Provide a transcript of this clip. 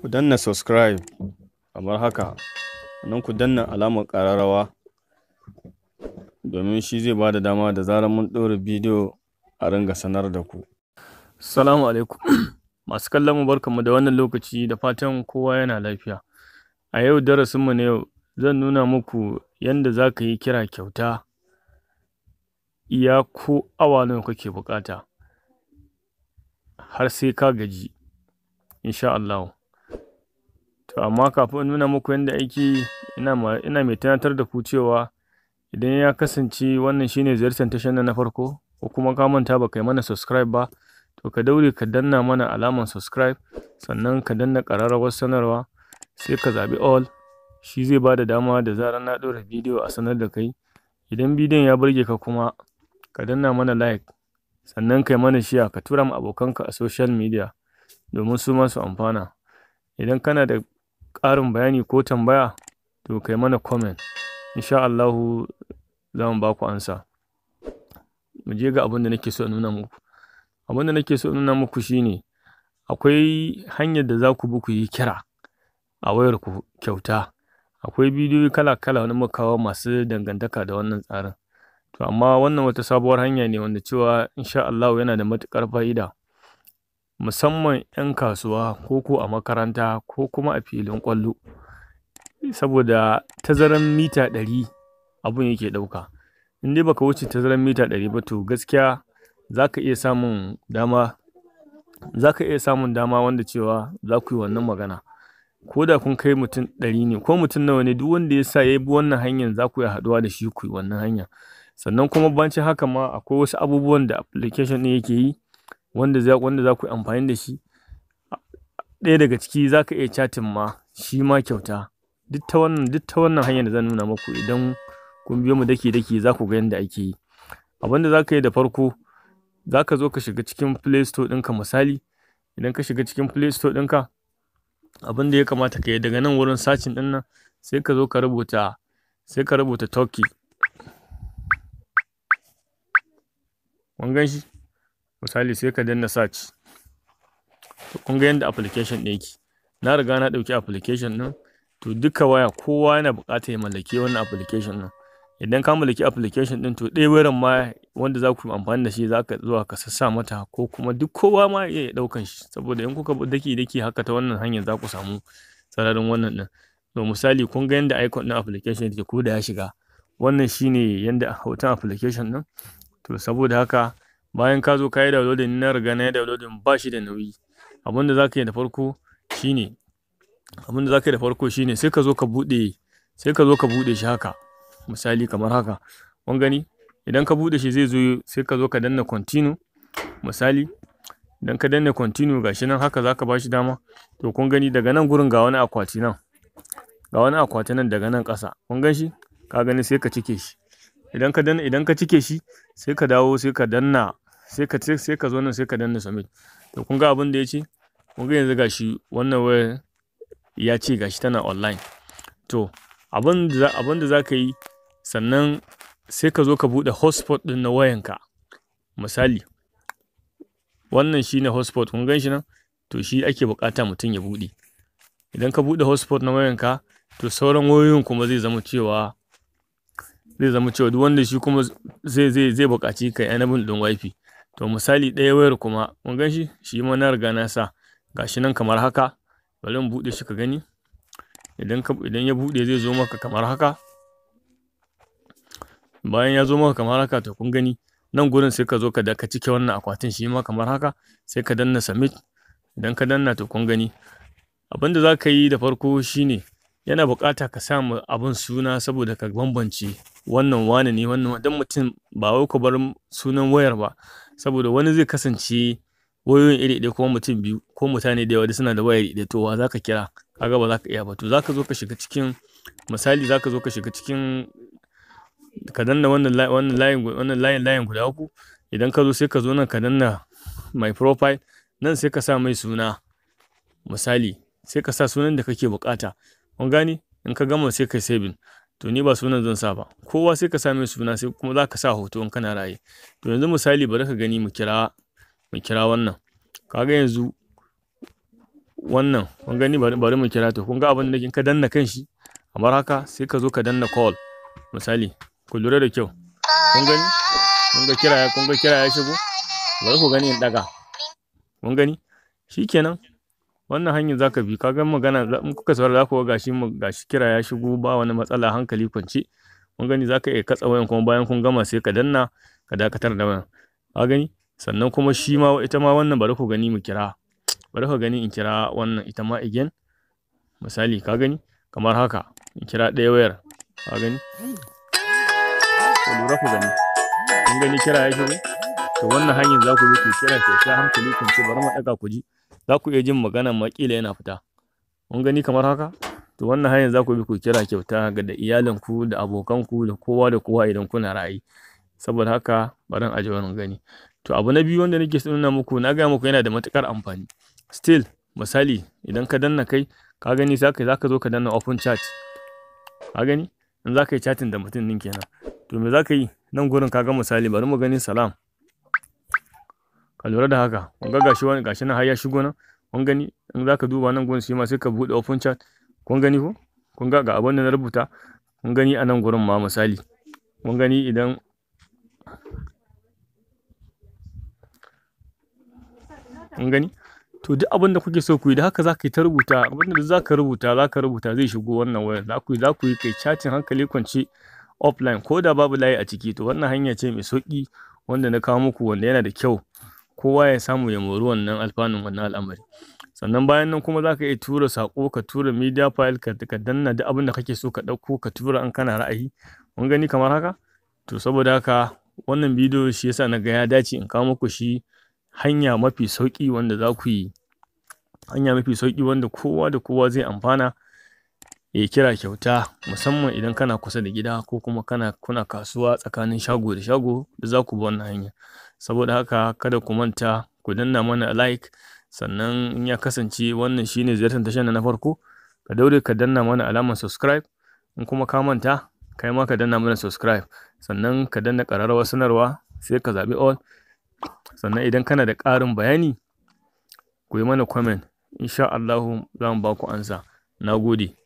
ku danna subscribe kamar haka nan ku danna alamar ƙararrawa domin shi zai ba da dama da zarar mun ɗora bidiyo a ringa sanar da ku salamu alaikum masu kallon mu barkamu da wannan lokaci da fatan kowa yana lafiya a yau darasin mu na yau zan nuna muku yanda za ka yi kira kyauta iya ko awa nawa kake bukata har sai ka gaji insha Allah to amma kafin in nuna muku yadda aiki yana ina mai tunatar da ku cewa idan ya kasance wannan shine ziyartar tashar na farko ko kuma ka manta ba kai mana subscribe ba to ka daure ka danna mana alamar subscribe sannan ka danna ƙararrawar sanarwa sai ka zaɓi all shi zai bada dama da zarar na ɗora bidiyo a sanar da kai idan bidiyon ya burge ka kuma ka danna mana like sannan kai mana shiya ka tura ma abokanka a social media domin su ma su amfana idan kana da ƙarin bayani ko tambaya to kai mana komen, insha Allahu za mu ba ansa mu je ga abin da nake so nuna muku abin da nake so nuna muku shine akwai hanyar da za ku bi ku yi kira a wayar ku kyauta akwai bidiyoyi kala-kala wani makawa masu dangantaka da wannan tsarin to amma wannan wata sabuwar hanya ne wanda cewa insha Allahu yana da matukar fa'ida musamman 'yan kasuwa ko ko a makaranta ko kuma a filin ƙwallo saboda tazaran mita ɗari abun yake ɗauka in dai baka wuce tazaran mita ɗari ba to gaskiya zaka iya samun dama zaka iya samun dama wanda cewa zaku yi wannan magana ko da kun kai mutum ɗari ne ko mutum nawa ne duk wanda ya sa ya bi wannan hanyar za ku iya haɗuwa da shi ku yi wannan hanya sannan kuma bancin haka ma akwai wasu abubuwan da application ɗin yake yi wanda za wanda za ku yi amfani da shi ɗaya daga ciki za ka iya catin ma shi ma kyauta duk ta wannan duk ta wannan hanyar da zan nuna muku idan kun biyo mu daki daki za ku ga yanda ake yi abin da za ka yi da farko za ka zo ka shiga cikin play store ɗinka misali idan ka shiga cikin play store ɗinka abin da ya kamata ka yi daga nan wurin sacin ɗin nan sai ka zo ka rubuta sai ka rubuta turkey kun gan misali sai ka danna search to kun ga yanda application ɗin yake na riga na ɗauki application ɗin to duka waya kowa yana buƙatar ya mallaki wannan application ɗin idan ka mallaki application ɗin to ɗaya wurin ma wanda za ku amfani da shi za ka zuwa ka sassa mata ko kuma duk kowa ma iya ɗaukan shi saboda in kuka daki daki haka ta wannan hanyar za ku samu sararin wannan ɗin to misali kun ga yanda icon ɗin application yake ko da ya shiga wannan shine yadda hoton application ɗin to saboda haka bayan ka zo ka yi downloading na riga na yi downloading ba shi da nauyi abin da za ka yi da farko shine abin da za ka yi da farko shine sai ka zo ka buɗe sai ka zo ka buɗe shi haka misali kamar haka kun gani idan ka buɗe shi zai zo sai ka zo ka danna continue misali idan ka danna continue gashi nan haka za ka ba shi dama to kun gani daga nan gurin ga wani akwati nan ga wani akwati nan daga nan ƙasa kun gan shi ka gani sai ka cike shi idan ka danna idan ka cike shi sai ka dawo sai ka danna sai ka sai ka zo nan sai ka danna submit to kun ga abin da ya ce kun ga yanzu gashi wannan wayar ya ce gashi tana online to abin da abin da za ka yi sannan sai ka zo ka bude hotspot din na wayanka misali wannan shine hotspot kun gan shi nan to shi ake bukata mutum ya bude idan ka bude hotspot na wayanka to sauran wayoyin kuma zai zama cewa zai zama cewa duk wanda shi kuma zai zai zai buƙaci kai anabin don wifi to misali ɗaya wayar kuma mun gan shi shi ma na riga na sa gashi nan kamar haka bari mu buɗe shi ka gani idan ka idan ya buɗe zai zo maka kamar haka bayan ya zo maka kamar haka to kun gani nan gurin sai ka zo ka ka cike wannan akwatin shi ma kamar haka sai ka danna submit idan ka danna to kun gani abin da za ka yi da farko shine yana buƙata ka sa abin suna saboda ka bambance wannan wane ne wannan don mutum ba wai ku bar sunan wayar ba saboda wani zai kasance wayoyin iri ɗaya kuma mutum biyu ko mutane da yawa da suna da wayar ɗaya to wa za ka kira kaga ba za ka iya ba to za ka zo ka shiga cikin misali za ka zo ka shiga cikin ka danna wannan wannan layin wannan layin layin guda uku idan ka zo sai ka zo nan ka danna my profile nan sai ka sa mai suna misali sai ka sa sunan da kake bukata kun gane in ka gama sai kai saving to ni ba sunan zan sa ba kowa sai ka same suna sai kuma za ka sa hoto in kana raye to yanzu misali bari ka gani mu kira mu kira wannan kaga yanzu wannan kun gani bari mu kira to kun ga abin da ka danna kanshi kamar haka sai ka zo ka danna call misali ku lura da kyau kun gani kun ga kira kun ga kira ya shigo bari ku gani in daga kun gani shikenan wannan hanyar za ka bi ka gan magana in kuka saurara za ku ga gashi gashi kira ya shigo ba wani matsala hankali kwance kun gani za ka iya katsa wayan kuma bayan kun gama sai ka danna ka dakatar da wayan ka gani sannan kuma shi ma ita ma wannan bari ku gani mu kira bari ku gani in kira wannan ita ma again misali ka gani kamar haka in kira ɗaya wayar ka gani ku lura ku gani kun gani kira ya shigo to wannan hanyar za ku bi ku kira ke hankali kwance bari mu ɗaga ku ji za ku iya jin maganan makila yana fita mun gani kamar haka to wannan hanyar za ku bi ku kira kyauta ga da iyalinku da abokanku da kowa da kowa idan kuna ra'ayi saboda haka bari a ji wani gani to abu na biyu wanda nake so nuna muku na gaya muku yana da matukar amfani still misali idan ka danna kai ka gani za ka zo ka danna open chat ka gani in za ka yi chatting da mutum din kenan to me za ka yi nan gurin ka ga misali bari mu gani salam ka lura da haka kun ga gashi wani gashi nan har ya shigo nan kun gani in zaka duba nan gurin shi ma sai ka bude open chat kun gani ko kun ga ga abin da na rubuta kun gani a nan gurin ma misali kun gani idan kun gani to duk abin da kuke so ku yi da haka za ka yi ta rubuta abin da za ka rubuta zaka rubuta zai shigo wannan wayar za ku yi za ku yi kai chatin hankali kwance offline ko da babu layi a ciki to wannan hanya ce mai sauki wanda na kawo muku wanda yana da kyau kowa ya samu ya mori wannan alfanun wannan al'amari sannan bayan nan kuma za ka iya tura sako, ka tura media file ka ka danna duk abin da kake so ka ɗauko ka tura an kana ra'ayi mun gani kamar haka to saboda haka wannan bidiyo shi yasa na ga ya dace in kawo muku shi hanya mafi sauƙi wanda za ku yi hanya mafi sauƙi wanda kowa da kowa zai amfana ya kira kyauta musamman idan kana kusa da gida ko kuma kana kuna kasuwa tsakanin shago da shago da za ku bi wannan hanya saboda haka kada ku manta ku danna mana like sannan in ya kasance wannan shine ziyartar tashar na farko ka daure ka danna mana alamar subscribe in kuma ka manta kai ma ka danna mana subscribe sannan ka danna ƙararrawar sanarwa sai ka zaɓi all sannan idan kana da ƙarin bayani ku yi mana comment insha Allahu za mu ba ku ansa na gode